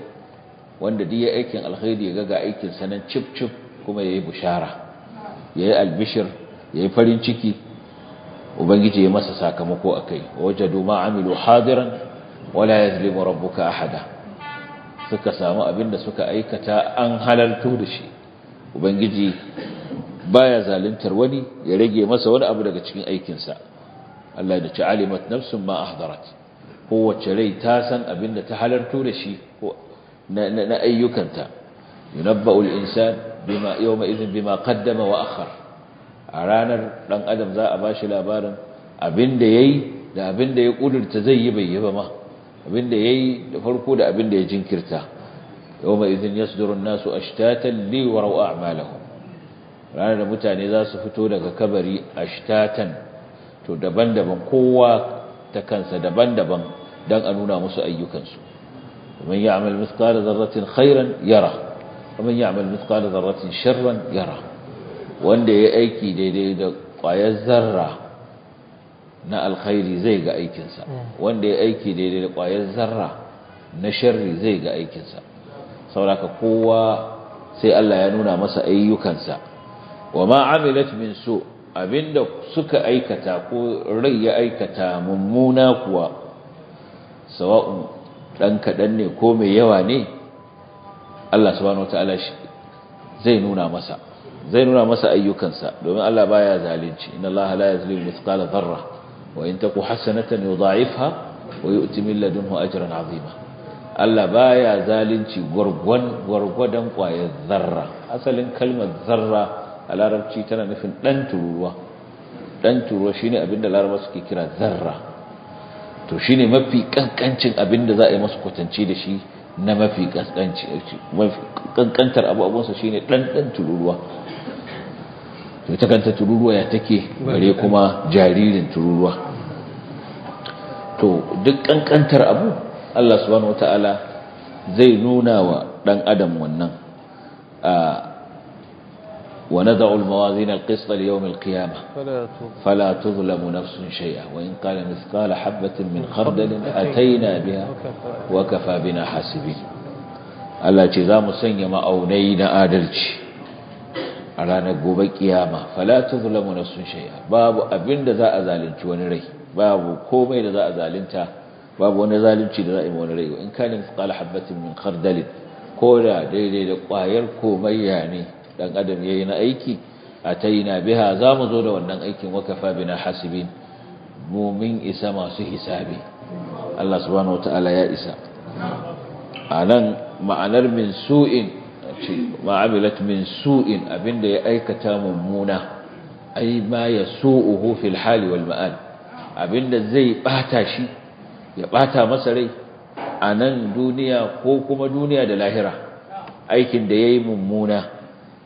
wanda duk ya aikin alkhairi ya ga aikin sanan cif cif kuma ya yi bushara ya yi albishir ya yi farin ciki ubangiji ya masa sakamako a kai wajen doma amilu hadiran wala ya zlimu rabbuka ahada suka samu abin da suka aikata an halarto da shi ubangiji baya zaluntar wani ya rage masa wani abu daga cikin aikinsa Allah da ci alimat nafsun ma ahdarat kowace rai ta san abin da ta halarto da shi na ayyukanta yunabba'u insan bima yawma idhin bima qaddama wa akhar a ranar dan adam za a bashi labarin abinda da yayi da abin da ya kudurta zai yi bai yi ba ma abinda yayi da farko da abinda ya jinkirta yawma idhin yasduru an-nasu ashtatan li wa ra'u ranar da mutane za su fito daga kabari ashtatan to daban-daban kowa ta kansa daban-daban dan a nuna musu ayyukansu man ya'mal mithqala dharratin khairan yara man ya'mal mithqala dharratin sharran yara wanda ya aiki daidai da ƙwayar zarra na alkhairi zai ga aikinsa mm. wanda ya aiki daidai da kwayar zarra na sharri zai ga aikinsa sauraka kowa sai Allah ya nuna masa ayyukansa wa ma amilat min su abinda suka aikata ko rai ya aikata mummuna kuwa sawa'un dan kadan ne ko mai yawa ne Allah subhanahu wataala zai nuna masa zai nuna masa ayyukansa domin Allah baya zalunci inna Allah la yuzlimu mithqala dharratin wa in taku hasanatan yudha'ifha wa yu'ti min ladunhu ajran 'azima Allah baya zalunci gurgwan gurgwadan kwayar zarra asalin kalmar zarra a larabci tana nufin dan tururuwa dan turuwa shine abinda larabawa suke kira zarra to shine mafi kankancin abinda za a yi masu kwatance da shi na mafi kaskanci kankantar abubuwansa shine dan dan tururuwa to ita kanta tururuwa ya take bare kuma jaririn tururuwa to duk kankantar abu Allah subhanahu wataala zai nuna wa dan adam wannan a wa nad'u al-mawazin al-qist li-yawm al-qiyamah fala tuzlamu nafsun shay'a wa in qala mithqala habatin min khardalin atayna biha wa kafa bina hasibin Allah ce za mu sanya ma'aunai na adalci a ranar gobe kiyama fala tuzlamu nafsun shay'a babu abinda za a zalunci wani rai babu komai da za a zalunta babu wani zalunci da za a yi wani rai in kanin qala habatin min ko da daidai da ƙwayar komai ne dan adam yayi na aiki A na biha za mu zo da wannan aikin wakafa bina hasibin mu isa masu hisabi Allah subhanahu wataala ya isa anan ma'anar min su'in ma'amilat min su'in abinda ya aikata mummuna ai ma yasu'uhu fil hali wal ma'al abinda zai bata shi ya bata masa rai a nan duniya ko kuma duniya da lahira aikin da yayi mummuna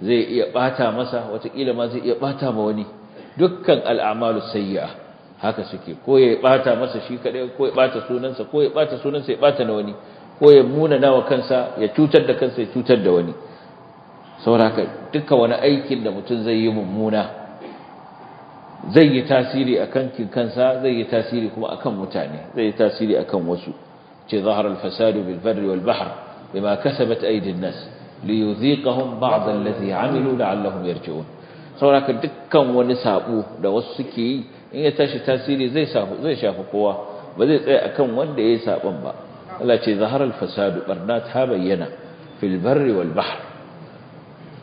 zai iya bata masa watakila ma zai iya bata ma wani dukkan al'amalu sayyi'a haka suke ko ya bata masa shi kadai ko ya bata sunansa ko ya bata sunansa ya bata na wani ko ya na wa kansa ya cutar da kansa ya cutar da wani saboda haka duka wani aikin da mutum zai yi mummuna zai yi tasiri akan kansa zai yi tasiri kuma akan mutane zai yi tasiri akan wasu ce zahar fasadu bil barri wal kasa bima kasabat aydin nas li yudhiqahum ba'd allazi amilu la'allahum yarji'un saboda dukkan wani sabo da wasu suke yi in ya tashi tasiri zai shafi kowa ba zai tsaya akan wanda ya yi sabon ba Allah ce zahar fasadu barna ta bayyana fil walbahar.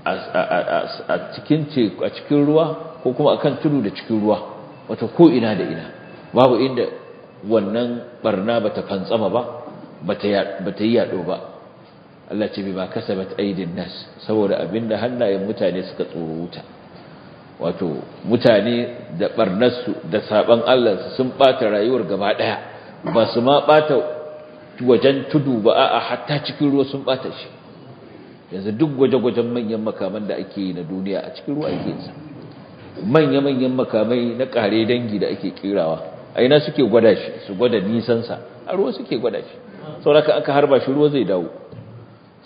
bahr a cikin ruwa ko kuma akan tudu da cikin ruwa wato ko ina da ina babu inda wannan barna bata fantsama ba bata yi yaɗo ba Allah ce ba kasabat aidin nas saboda abinda hannayen mutane suka tsoro wuta wato mutane da barnarsu da saban Allah sun bata rayuwar gaba daya ba su ma bata wajen tudu ba a hatta cikin ruwa sun bata shi yanzu duk gwaje-gwajen manyan makaman da ake yi na duniya a cikin ruwa ake yin sa manya-manyan makamai na ƙare dangi da ake ƙirawa. a ina suke gwada shi su gwada nisansa a ruwa suke gwada shi sauraka aka harba shi ruwa zai dawo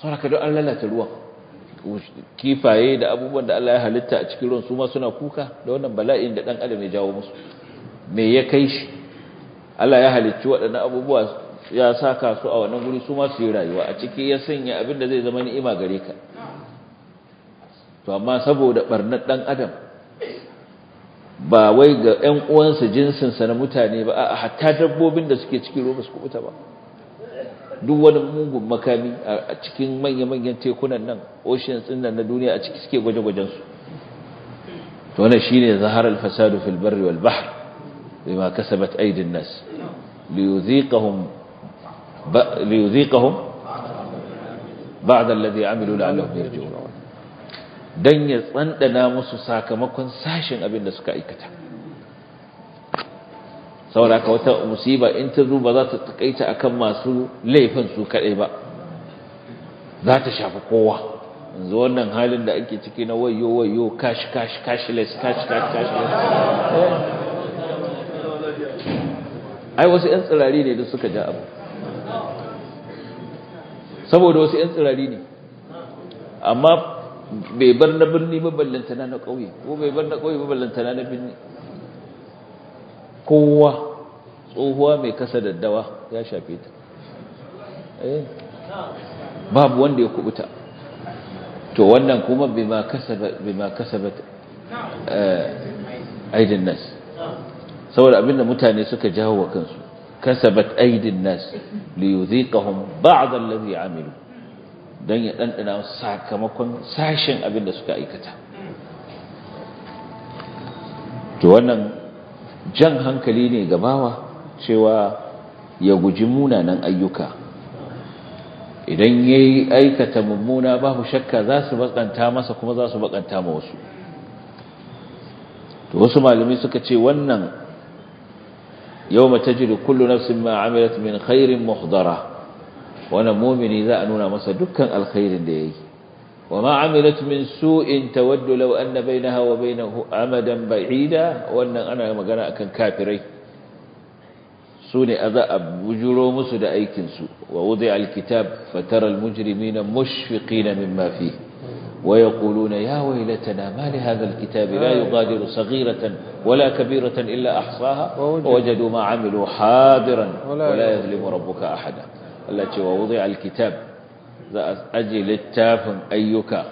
sauraka don an lalata ruwan kifaye da abubuwan da Allah ya halitta a cikin ruwan su ma suna kuka da wannan bala'in da ɗan adam ya jawo musu me ya kai shi Allah ya halicci waɗannan abubuwa ya saka su a wannan guri su ma su yi rayuwa a ciki ya sanya abin da zai zama ni'ima gare ka to amma saboda barnar ɗan adam ba wai ga ƴan uwansa jinsinsa na mutane ba a hatta dabbobin da suke cikin ruwa su kubuta ba duk wani mugun makami a cikin manya-manyan tekunan nan oceans din nan na duniya a ciki suke gwaje-gwajen su to wannan shine zahar al-fasadu fil barri wal bahr bima kasabat aydin nas liyuziqahum liyuziqahum ba'da alladhi amilu la'allahum yarji'un don ya tsandana musu sakamakon sashen abin da suka aikata saboda ka wata musiba in ta zo ba za ta takaita akan masu laifin su kadai ba za ta shafi kowa yanzu wannan halin da ake ciki na wayo wayo kashi kashi kashi les kashi kashi kashi ai wasu 'yan tsirari ne da suka ja abu saboda wasu 'yan tsirari ne amma bai bar na birni ba ballantana na ƙauye ko bai bar na ƙauye ba ballantana na birni kowa tsohuwa mai kasa daddawa ya shafe ta eh, babu wanda ya kubuta to wannan kuma bai ma bima kasabat eh, aidin nas saboda abinda mutane suka jawo wa kansu kasabat aidin nas liyuziqahum ba'd allazi amilu don ya ɗanɗana sakamakon sashen abin da suka aikata to wannan jan hankali ne ga bawa cewa ya guji munanan ayyuka idan ya yi aikata mummuna babu shakka za su baƙanta masa kuma za su baƙanta ma wasu to wasu malami suka ce wannan yau mata jiri kullu nafsin ma'amilat min khairin muhdara wannan mumini za a nuna masa dukkan alkhairin da yayi ma amilat min su'in tawaddu law anna bainaha wa bainahu amadan ba'ida wannan ana magana akan kafirai su ne a za a bujuro musu da aikin su wa wudi alkitab fatara almujrimina mushfiqina mimma fi wa yaquluna ya waylatana ma li hadha alkitab la yughadiru saghiratan wala kabiratan illa ahsaha wa wajadu ma amilu hadiran wa la yadhlimu rabbuka ahada Allah ce wa wuzi alkitab za a aje littafin ayyuka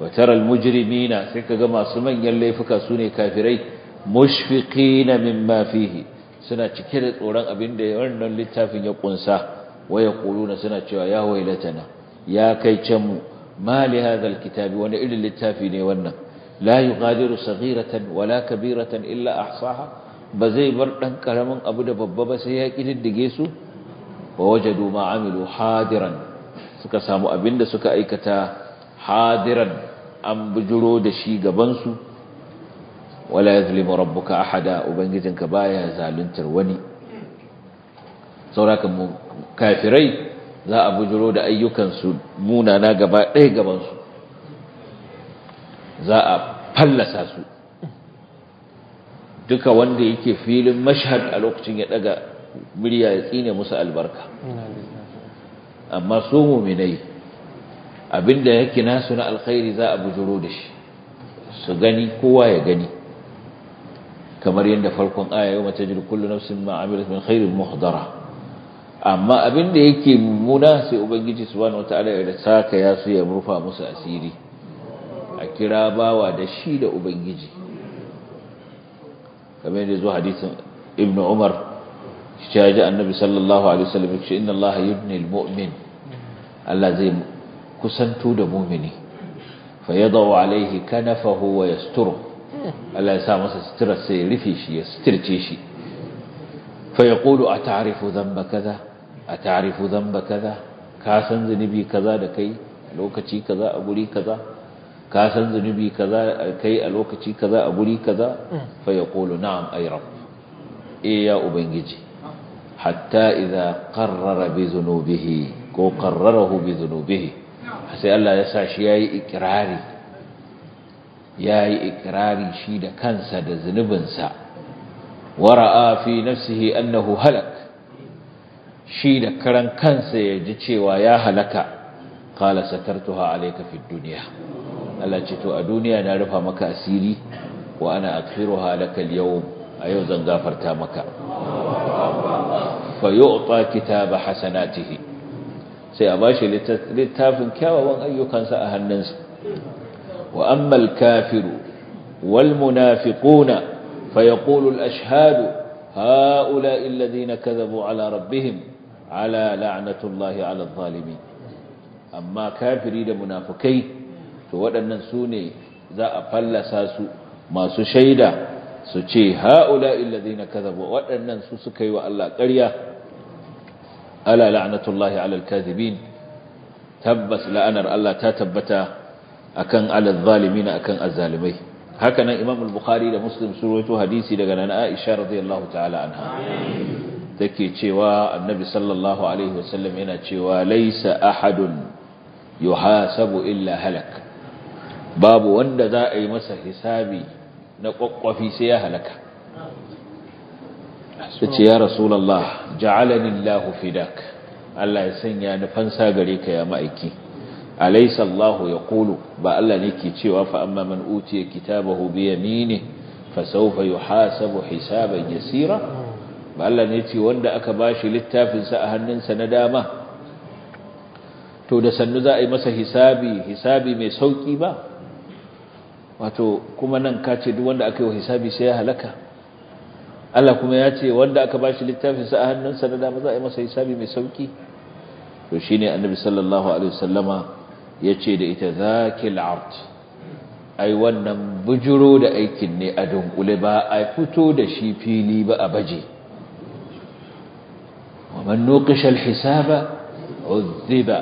wa taral sai sai ga masu manyan laifuka sune kafirai mushfiqina mimma fihi suna cike da tsoron abin da wannan littafin ya kunsa wa yaquluna suna cewa ya wailatana ya kai can mu ma li hadha alkitabi wani irin littafi ne wannan la yughadiru saghiratan wala kabiratan illa ahsaha ba zai bar dan karamin abu da babba ba sai ya kididdige su wa wajadu ma amilu hadiran suka samu abinda suka aikata hadiran an bujuro da shi gabansu wala yazlimu rabbuka ahada ubangijinka baya zaluntar wani sauraka mu kafirai za a bujuro da ayyukansu munana gaba ɗaya gabansu za a fallasa su duka wanda yake filin mashhad a lokacin ya daga murya ya tsine musu albarka amma su muminai abinda yake nasu na alkhairi za a bujuro da shi su gani kowa ya gani kamar yadda farkon aya yau mace jiri kullum nafsin ma amilat min khairin muhdara amma abinda yake mummuna sai ubangiji wata ala ya saka ya su ya murfa musu asiri a kira bawa da shi da ubangiji kamar yadda zuwa hadisin ibnu umar shi ya ji annabi sallallahu alaihi wasallam ya ce inna allaha yubni almu'min Allah zai kusanto da mu'mini fa yadau alaihi kanafahu wa yasturu Allah ya sa masa sutura sai ya rufe shi ya suturce shi fa yaqulu ata'rifu dhanba kaza ata'rifu dhanba kaza ka san zunubi kaza da kai lokaci kaza a guri kaza ka san zunubi kaza kai a lokaci kaza a guri kaza mm. fa yaqulu na'am ay rabb eh ya ubangiji hatta iza qarrara bi dhunubihi ko qarrarahu bi dhunubihi sai Allah ya sa shi yayi ikrari yayi ikrari shi da kansa da zunubinsa a fi nafsihi annahu halak shi da karan kansa ya ji cewa ya halaka qala satartuha alayka fid dunya Allah ce to a duniya na rufa maka asiri wa ana aghfiruha laka yawm a yau zan gafarta maka fa yu'ta kitaba hasanatihi sai a bashi littafin kyawawan ayyukansa a hannunsa wa ammal kafiru wal munafiquna fa al ashhadu هؤلاء الذين كذبوا على ربهم على لعنة الله على الظالمين أما da munafukai to waɗannan sune za a fallasa su masu shaida su ce ha'ula illazina kazabu waɗannan su suka yi wa Allah ƙarya ala la'natullahi alal kadhibin tabbas la'anar Allah ta tabbata akan alal zalimin akan azzalimai haka nan Imam al-Bukhari da Muslim sun rawaito hadisi daga Nana Aisha radiyallahu ta'ala anha take cewa Annabi sallallahu alaihi yana cewa laisa ahadun yuhasabu illa halak babu wanda za a yi masa hisabi na kwakwafi sai ya halaka ta ce ya rasulallah ja'alani Allah fidak Allah ya sanya ni fansa gare ka ya ma'aiki alaysa ya yaqulu ba Allah ne ke cewa fa amma man utiya kitabahu bi yamini fa sawfa yuhasabu hisaban yasira ba Allah ne ce wanda aka bashi littafin sa a hannunsa na dama to da sannu za a yi masa hisabi hisabi mai sauki ba wato kuma nan ka ce duk wanda aka yi hisabi sai ya halaka Allah kuma ya ce wanda aka bashi littafin sa a hannunsa na dama za a yi masa hisabi mai sauki to shine annabi sallallahu alaihi wasallama yace da ita ki art ai wannan bujuro da aikin ne a dunkule ba a fito da shi fili ba a baje wa man nuqisha al-hisaba udhiba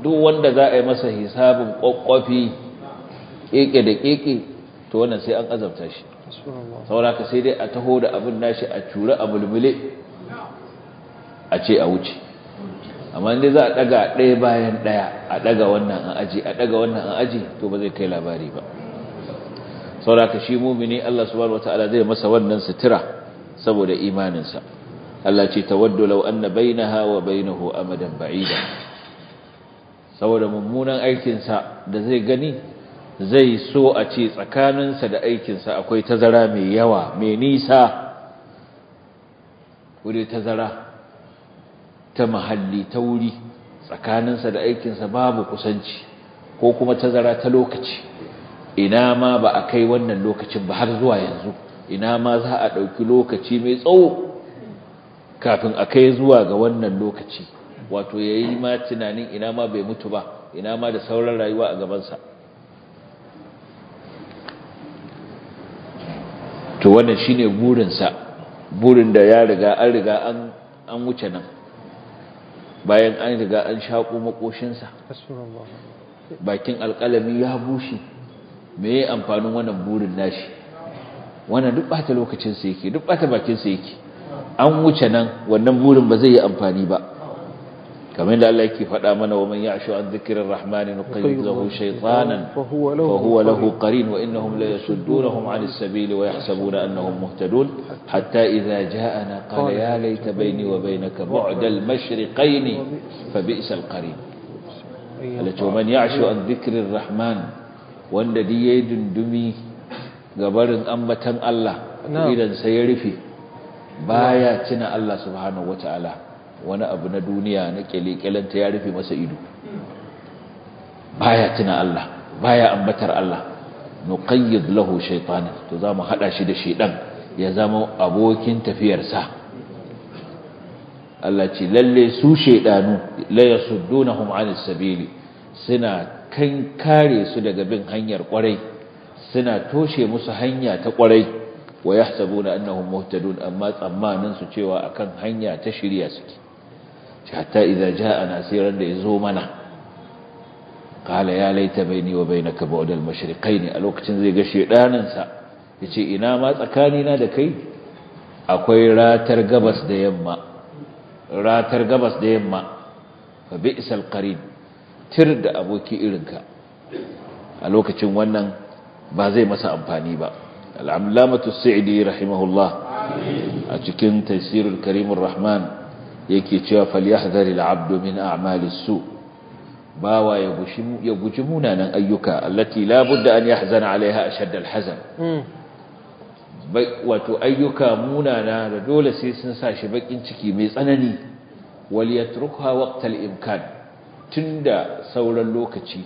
duk wanda za a yi masa hisabin kokkofi keke da keke to wannan sai an azabta shi saboda sai dai a taho da abin nashi a cura a bulbule a ce a wuce amma inda za a daga ɗaya bayan ɗaya a daga wannan an aji a daga wannan an aji to ba zai kai labari ba saboda ka shi mumini Allah subhanahu wataala zai masa wannan sutura saboda imaninsa Allah ce ta tawaddu law anna bainaha wa bainahu amadan ba'ida saboda mummunan aikinsa da zai gani zai so a ce tsakaninsa da aikinsa akwai tazara mai yawa mai nisa wuri tazara ta mahalli ta wuri tsakaninsa da aikinsa babu kusanci ko kuma tazara ta lokaci ina ma ba a kai wannan lokacin ba har zuwa yanzu ina ma za a ɗauki lokaci mai tsawo kafin a kai zuwa ga wannan lokaci wato ya yi ma tunanin ina ma bai mutu ba ina ma da sauran rayuwa a gabansa to wannan shine burinsa burin da ya riga an riga an wuce nan bayan an riga an shaƙo makoshinsa bakin alƙalami ya bushe me ya amfanin wannan burin nashi wannan duk ɓata lokacinsa yake duk ɓata bakinsa yake an wuce nan wannan burin ba zai yi amfani ba كمن لا لك فدامنا ومن يعش عن ذكر الرحمن نقيض له شيطانا فهو له, فهو له قرين وإنهم ليصدونهم عن السبيل ويحسبون أنهم مهتدون حتى إذا جاءنا قال يا ليت بيني وبينك بعد المشرقين فبئس القرين أيوة. ومن يعش عن ذكر الرحمن والذي يدندمي قبر أمة الله نعم. إذا سيرفي بايا تنا الله سبحانه وتعالى wani abu na duniya na kyalekyalanta ya rufe masa ido baya tuna Allah baya ambatar Allah nuqayyid lahu shaytanan to zamu hada shi da shedan ya zama abokin tafiyarsa Allah ce lalle su shedanu la yasuddunhum anis sabili suna kan kare su daga bin hanyar kwarai suna toshe musu hanya ta kwarai wa yahsabuna annahum muhtadun amma tsammanin su cewa akan hanya ta shirya suke hatta idza ana siran da yazo mana qala ya laita baini wa bainaka bu'dal mashriqaini a lokacin zai ga shedanin sa yace ina ma tsakani na da kai akwai ratar gabas da yamma ratar gabas da yamma fa bi'sal qarin tir da aboki irinka a lokacin wannan ba zai masa amfani ba al-allamatu sa'idi rahimahullah a cikin tafsirul karimur rahman yake cewa falyahdharil abdu min a'malis su bawa ya gushi ya guji munanan ayyuka allati la budda an yahzana alaiha ashadda alhazan hmm. wato ayyuka munana da dole sai sun sa shi bakin ciki mai tsanani wal yatrukha waqtal imkan tunda sauran lokaci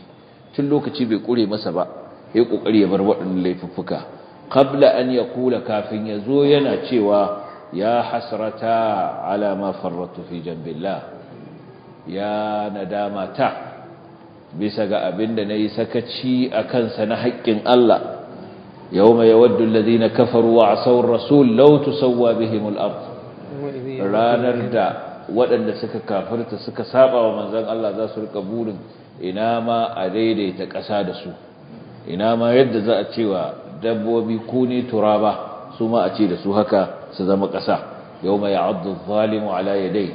tun lokaci bai kure masa ba yayi kokari ya bar waɗannan laifuffuka qabla an yaqula kafin ya zo yana cewa ya hasrata ala ma farratu fi jambillah ya nadamata bisa ga abinda nayi sakaci akan sa na haƙƙin Allah yawma yawaddu alladhina kafaru wa asaw ar-rasul law tusawwa bihim al-ard ranar da waɗanda suka kafirta suka saba wa manzon Allah za su rika burin ina ma a daidaita ƙasa da su ina ma yadda za a cewa dabbobi ku ne turaba سوما أتي لسوهكا سزمك أسع يوم يعض الظالم على يديه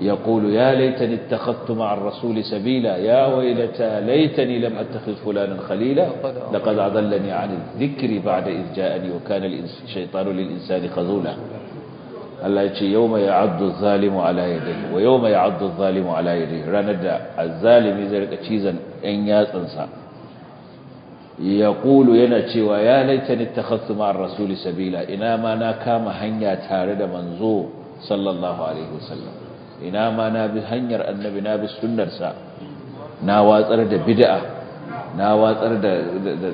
يقول يا ليتني اتخذت مع الرسول سبيلا يا ويلتا ليتني لم أتخذ فلانا خليلا لقد أضلني عن الذكر بعد إذ جاءني وكان الشيطان للإنسان خذولا الله يوم يعض الظالم على يديه ويوم يعض الظالم على يديه رندا الظالم إذا لك إن ياس yaqulu yana cewa ya laitani takhassu ma'ar rasul sabila ina ma na kama hanya tare da manzo sallallahu alaihi wasallam ina ma na bi hanyar annabi na bi sunnarsa na watsar da bid'a na watsar da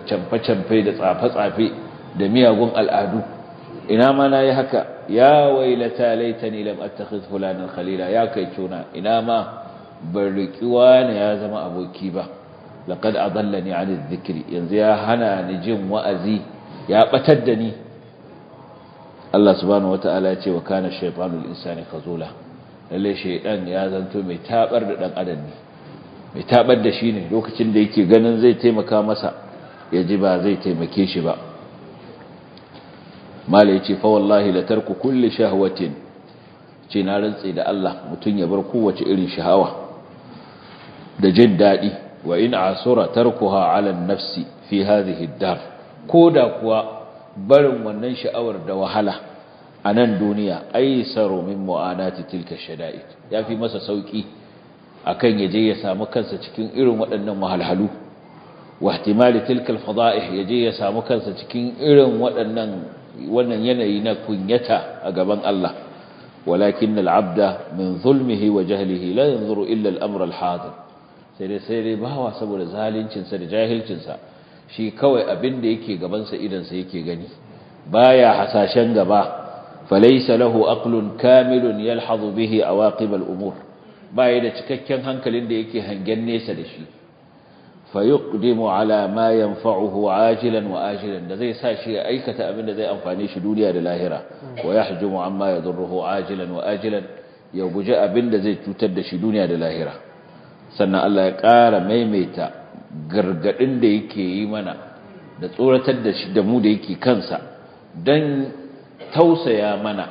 camfe-camfe da tsafe-tsafe da miyagun al'adu ina ma na yi haka ya wailata laitani lam attakhiz fulanan khalila ya kai tuna ina ma ban riƙi wani ya zama aboki ba laqad adallani ani dhikri yanzu ya hana ni jin wa'azi ya batar da ni Allah subhanahu wataala ya ce wa kana shaytanul insani khazula lalle shaydan ya zanto mai tabar da dan adam ne mai tabar da shi ne lokacin da yake ganin zai taimaka masa ya ji ba zai taimake shi ba mala yace fa wallahi la tarku kulli shahwatin ce na rantsi da Allah mutun ya bar kowace irin shahawa da jin dadi wa in asura tarkuha ala nafsi fi hadhihi ad-dar koda kuwa barin wannan sha'awar da wahala a nan duniya aisaru min mu'anati tilka ya fi masa sauki akan yaje ya samu kansa cikin irin waɗannan wahalhalu wa ihtimali tilka al-fada'ih yaje ya samu kansa cikin irin waɗannan wannan yanayi na kunyata a gaban Allah walakin al-abda min zulmihi wa jahlihi la yanzuru illa al-amra sai dai sai dai bawa saboda zalincinsa da jahilcinsa shi kawai abin da yake gabansa idansa yake gani baya hasashen gaba falaisa lahu aqlun kamilun yalhadu bihi awaqib al-umur baya da cikakken hankalin da yake hangen nesa da shi fayuqdimu ala ma yanfa'uhu ajilan wa ajilan da zai sa shi ya aikata abin da zai amfane shi duniya da lahira wa yahjumu amma yadurruhu ajilan wa ajilan ya guji abin da zai cutar da shi duniya da lahira sannan Allah ya ƙara maimaita gargaɗin da yake yi mana da tsoratar da shi da mu da yake kansa don tausaya mana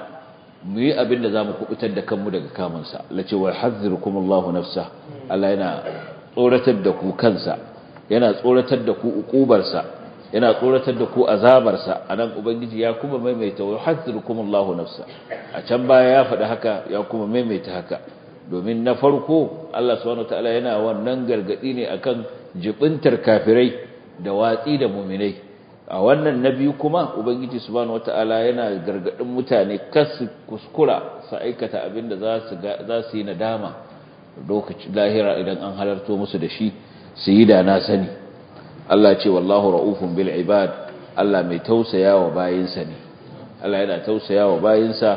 mu yi abin da za mu kubutar da kanmu daga kamunsa lace wa hazir kuma Allahu nafsa Allah yana tsoratar da ku kansa yana tsoratar da ku ukubarsa yana tsoratar da ku azabarsa a nan ubangiji ya kuma maimaita wa hazir kuma Allahu nafsa a can baya ya faɗi haka ya kuma maimaita haka domin na farko Allah subhanahu wataala yana wannan gargadi ne akan jibintar kafirai da watsi da mu'minai a wannan na biyu kuma ubangiji subhanahu wataala yana gargadin mutane kasu kuskura su aikata abin da za su yi nadama lokacin lahira idan an halarto musu da shi su yi da na sani Allah ce wallahu ra'ufun bil ibad Allah mai tausaya wa bayinsa ne Allah yana tausaya wa bayinsa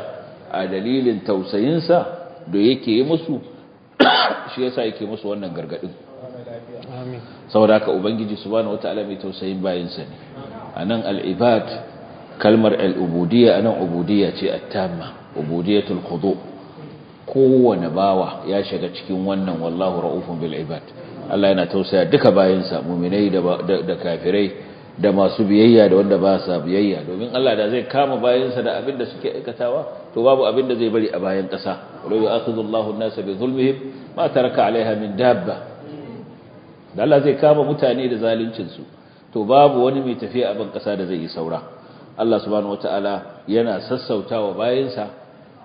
a dalilin tausayinsa da yake yi musu shi yasa yake musu wannan gargadin saboda ka ubangiji subhanahu wataala mai tausayin bayansa ne anan al-ibad kalmar al-ubudiyya nan ubudiyya ce at-tamma ubudiyatul khudu kowane bawa ya shiga cikin wannan wallahu raufun bil ibad Allah yana tausaya duka bayansa mu'minai da kafirai da masu biyayya da wanda ba sa biyayya domin Allah da zai kama bayansa da abin da suke aikatawa to babu abin da zai bari a bayan ƙasa wala yu'akhidullahu an-nasa bi zulmihim ma 'alayha min dabba da Allah zai kama mutane da zaluncin su to babu wani mai tafiya a ban ƙasa da zai yi saura Allah subhanahu wata'ala yana sassautawa bayansa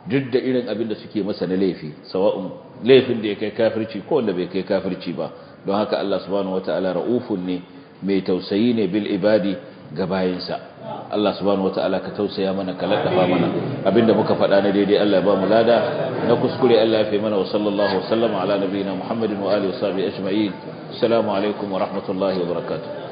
duk da irin abin da suke masa na laifi sawa'un laifin da ya kai kafirci ko wanda bai kai kafirci ba don haka Allah subhanahu wata'ala ra'ufun ne mai tausayi ne bil ibadi ga bayansa. Allah subhanahu wata'ala ka tausaya mana ka laddafa mana abinda muka faɗa na daidai Allah ya ba mu lada na kuskure Allah ya fi mana wa sallallahu wa sallama ala nabiyina Muhammadin wa alihi wa sahbihi ajma'in assalamu alaikum wa rahmatullahi wa barakatuh